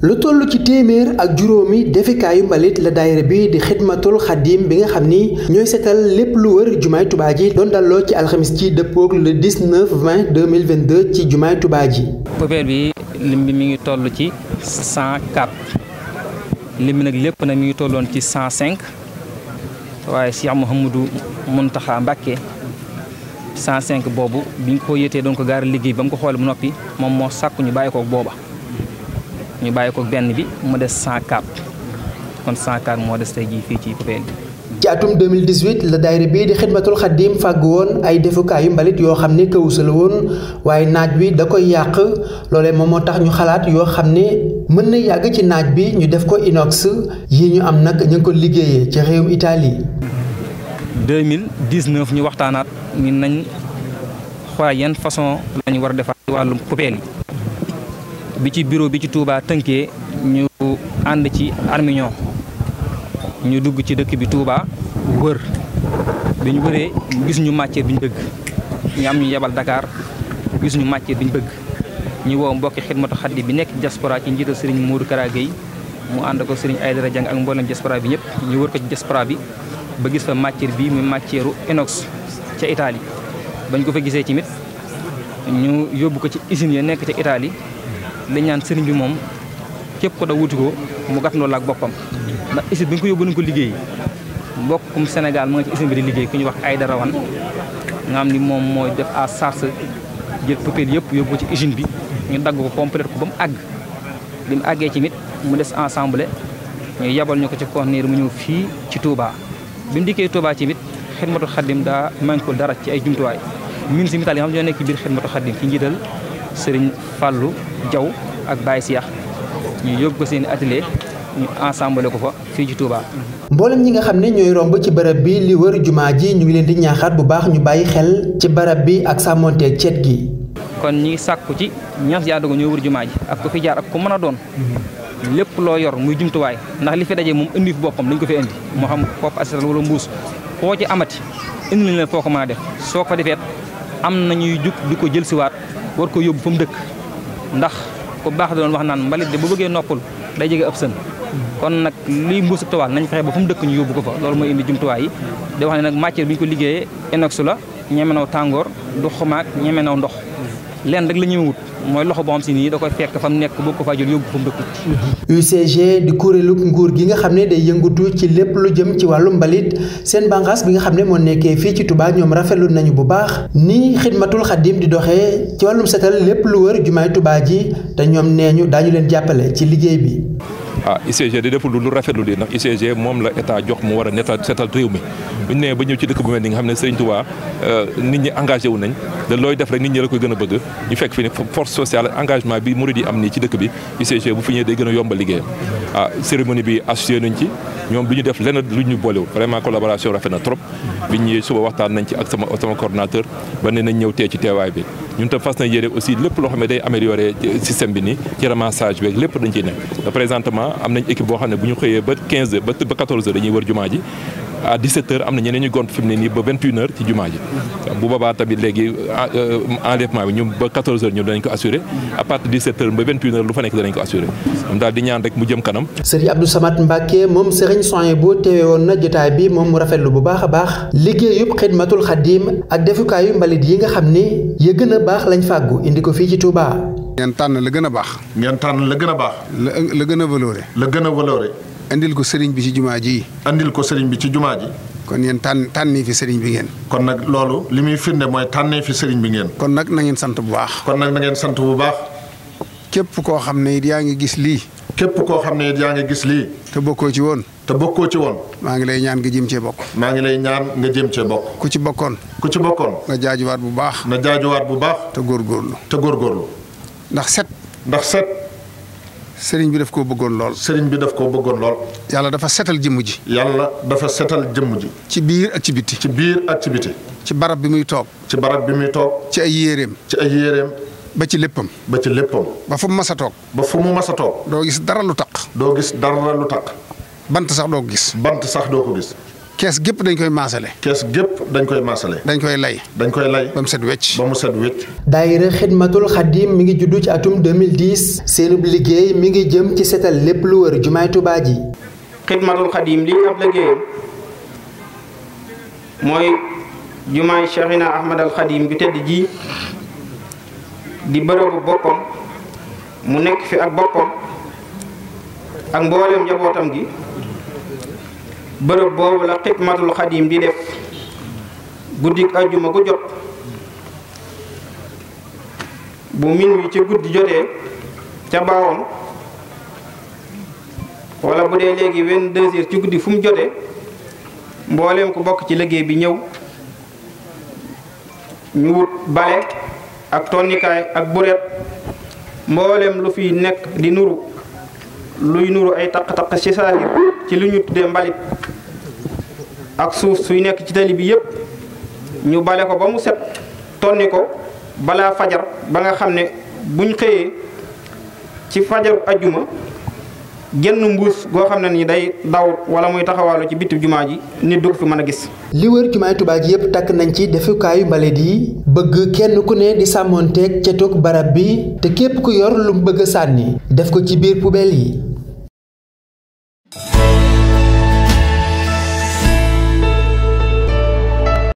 lu toll ci téeméer ak juróomi defekaayu mbalit la daayira bi di xidmatul xadim bi nga xam ni ñooy seetal lépp lu wër jumaay tubaa ji doon dalloo ci alxamis ci dëppoog le 19 20 2022 ci jumaay tubaa ji poubelle bi lim bi mi ngi tollu ci 104 lim bi nag lépp nag mi ngi tolloon ci 105 waaye Cheikh Mouhamadou Mountakha Mbacké 105 boobu biñ ko yëtee doon ko gaar liggéey ba mu ko xoole bu noppi moom moo sàkku bàyyi ko booba ñu bàyyi ko benn bi mu des 104 kon 104 moo des tey jii fii ci PPN bi. ci atum la daayira bii di xidmatul xaddim fàgg woon ay defukaayu mbalit yoo xam ne këwusa la woon waaye naaj wi da koy yàq loole moom moo tax ñu xalaat yoo xam ne mën na yàgg ci naaj bi ñu def ko inox yi ñu am nag ñu ko liggéeyee ci réewum Italie. 2019 ñu waxtaanaat ñu nañ xoolal yan façon lañu war a defar ci wàllum poubelle yi. bi ci bureau bi ci Touba tënkee ñu ànd ci Armignon ñu dugg ci dëkk bi Touba wër bi ñu wëree gis ñu matière bi ñu bëgg ñu am ñu yebal Dakar gis ñu matière bi ñu bëgg ñu woo mbokki xidmatu xaddi bi nekk diaspora ci njiital sëriñ Mourou Kara Gueye mu ànd ko Serigne Aïdara Diang ak mboolem diaspora bi ñëpp ñu wër ko ci diaspora bi ba gis fa matière bi muy matière enox ca Italie bañ ko fa gisee tamit ñu yóbbu ko ci usine ya nekk ca itaali li ñaan sëriñ bi moom képp ko da wuti ko mu gàtt loolu ak boppam ndax usine bi nga ko yóbbu nañu ko liggéey mbokkum Sénégal mu nga ci usine bi di liggéey ku ñuy wax ay dara Wane nga xam ni moom mooy def à sars jël poubelle yëpp yóbbu ci usine bi ñu dagg ko complète ko ba mu àgg bi mu àggee ci mit mu des ensemble ñu yabal ñu ko ci conteneur mu ñëw fii ci Touba bi mu dikkee Touba ci mit Xidmatul Xaddim daa manqué dara ci ay jumtuwaay min si mitaal yi xam ñoo nekk ci biir Xidmatul sëriñ Fallou Diaw ak Baye Siyax ñu yóbbu ko seen atelier ñu ensemble ko fa fii ci Touba. mboolem ñi nga xam ne ñooy romb ci barab bi li wër jumaa ji ñu ngi leen di ñaaxaat bu baax ñu bàyyi xel ci barab bi ak sàmmonteeg ceet gi. kon ñi ngi sàkku ci ñas yaa dugg ñooy wër jumaa ji ak ku fi jaar ak ku mën a doon. Mhm. lépp loo yor muy jumtuwaay ndax li fi dajee moom indi fi boppam dañ ko fi indi moo xam kopp asital wala mbuus koo ci amati indi lañ la foo ko mën a def soo ko defeet am ko jël siwaat war ko yóbbu fa mu dëkk ndax ku baax da doon wax naan mbalit de bu bëggee noppul day jege ab sën kon nag lii mbuusu toile nañ fexe ba fu mu dëkk ñu yóbbu ko fa loolu mooy indi jumtuwaay yi di wax ne nag matière bi ñu ko liggéeyee inox la ñemenaw tàngoor du xumaak ñemenaw ndox leen rek la ñuy mooy loxo boo xam si nii da koy fekk fa mu nekk boo ko faa jël yóbbu fa mu dëkkut. UCG di kuréelug nguur gi nga xam ne day yëngatu ci lépp lu jëm ci wàllu mbalit seen bànqaas bi nga xam ne moo nekkee fii ci Touba ñoom rafetlu nañu bu baax ni xidmatul xadim di doxee ci wàllum setal lépp lu wër jumaay tubaa ji te ñoom nee ñu daañu leen jàppale ci liggéey bi. ah UCG di deful lu rafetlu lii ndax UCG moom la état jox mu war a neta seetal réew mi bu ñu nee ba ñëw ci dëkk bu mel nga xam ne Serigne Touba euh, ñi engagé wu nañ da looy def rek nit ñi la koy gën a bëgg ñu fekk fi ne force sociale engagement bi murid yi am nii ci dëkk bi UCG bu fi ñëwee day gën yomba yombal liggéeyam ah cérémonie bi associé nañ ci ñoom bi ñu def lenn lu ñu boolewul vraiment collaboration rafet na trop bi ñu suba waxtaan nañ ci ak sama sama coordonnateur ba ne nañ ñëw tee ci teewaay bi ñun tam fas na yére aussi lépp loo xam ne day améliorer système bi ni ci ramassage beeg lépp dañ ciy nekk présentement am nañ équipe boo xam ne bu ñu xëyee ba 15 heures ba 14 heures dañuy wër jumaa ji à 17h am na ñenee ñu gont fi mu ne nii ba 21h ci jumaa ji bu boobaa tamit léegi ah, euh, enlèvement bi ñoom ba 14h ñoom danañ ko assuré à partir de 17h ba 21h lu fa nekk danañ ko assuré am daal di ñaan rek mu jëm kanam. Serigne Abdou Samad Mbacké moom Serigne Souhaïbou teewe woon na jotaay bi moom mu lu bu baax a baax liggéeyub Xidmatul Xadim ak defukaayu mbalit yi nga xam ni ya gën a baax lañ fàggu indi ko fii ci Touba. ngeen tànn la gën a baax. ngeen tànn la gën a baax. la la gën a valoré. la gën a valoré. andil ko sëriñ bi ci jumaa ji. indil ko sëriñ bi ci jumaa ji. kon yéen tànn tànnee fi sëriñ bi ngeen. kon nag loolu li muy firnde mooy tànnee fi sëriñ bi ngeen. kon nag na ngeen sant bu baax. kon nag na ngeen sant bu baax. képp koo xam ne it yaa ngi gis lii. képp koo xam ne it yaa ngi gis lii. te bokkoo ci woon. te bokkoo ci woon. maa ngi lay ñaan nga jëm cee bokk. maa ngi lay ñaan nga jëm cee bokk. ku ci bokkoon. ku ci bokkoon. nga jaajuwaat bu baax. na jaajuwaat bu baax. te góorgóorlu. te góorgóorlu. ndax set. ndax set. sëriñ bi daf koo bëggoon lool. sëriñ bi daf koo bëggoon lool. yàlla dafa setal jëmm ji. yàlla dafa setal jëmm ji. ci biir ak ci biti. ci biir ak ci barab bi muy toog. ci barab bi muy toog. ci ay yéeréem. ci ay yéeréem. ba ci léppam. ba ci léppam. ba fu mu mas a toog. ba fu mu mas a toog. doo gis dara lu taq. doo gis dara lu taq. bant sax doo gis. bant sax doo ko gis. kees gépp dañ koy maasale. kees gépp dañ koy maasale. dañ koy lay. dañ koy lay ba mu set wecc. ba mu set wecc. daayira xidmatul xadim mi ngi juddu ci atum 2010 seenub liggéey mi ngi jëm ci setal lépp lu wër jumaay Tuubaa ji. xidmatul xadim lii ab liggéeyam mooy jumaay Cheikhina Ahmad al Xadim bi tedd ji di bërëbu boppam mu nekk fi ak boppam ak mboolem njabootam gi. bërëb boobu la xidmatul xadim di def guddik ajjuma gu jot bu min wi ci guddi jotee ca baawam wala bu dee léegi wenn deux ci guddi fu mu jotee mbooleem ku bokk ci liggéey bi ñëw ñu wut bale ak tonnikaay ak buret mbooleem lu fiy nekk di nuru luy nuru ay taq-taq ci saahir ci lu ñu tuddee mbalit ak suuf suy nekk ci tali bi yépp ñu bale ko ba mu set ni ko balaa fajar ba nga xam ne buñ xëyee ci fajaru ajjuma genn mbuus goo xam ne ni day daw wala muy taxawaalu ci bitu jumaa ji nit du ko fi mën a gis. li wër jumaay Tuubaa ji yëpp takk nañ ci defukaayu mbalit yi bëgg kenn ku ne di sàmmoonteeg cetoog barab bi te képp ku yor lu bëgg sànni def ko ci biir poubelle yi.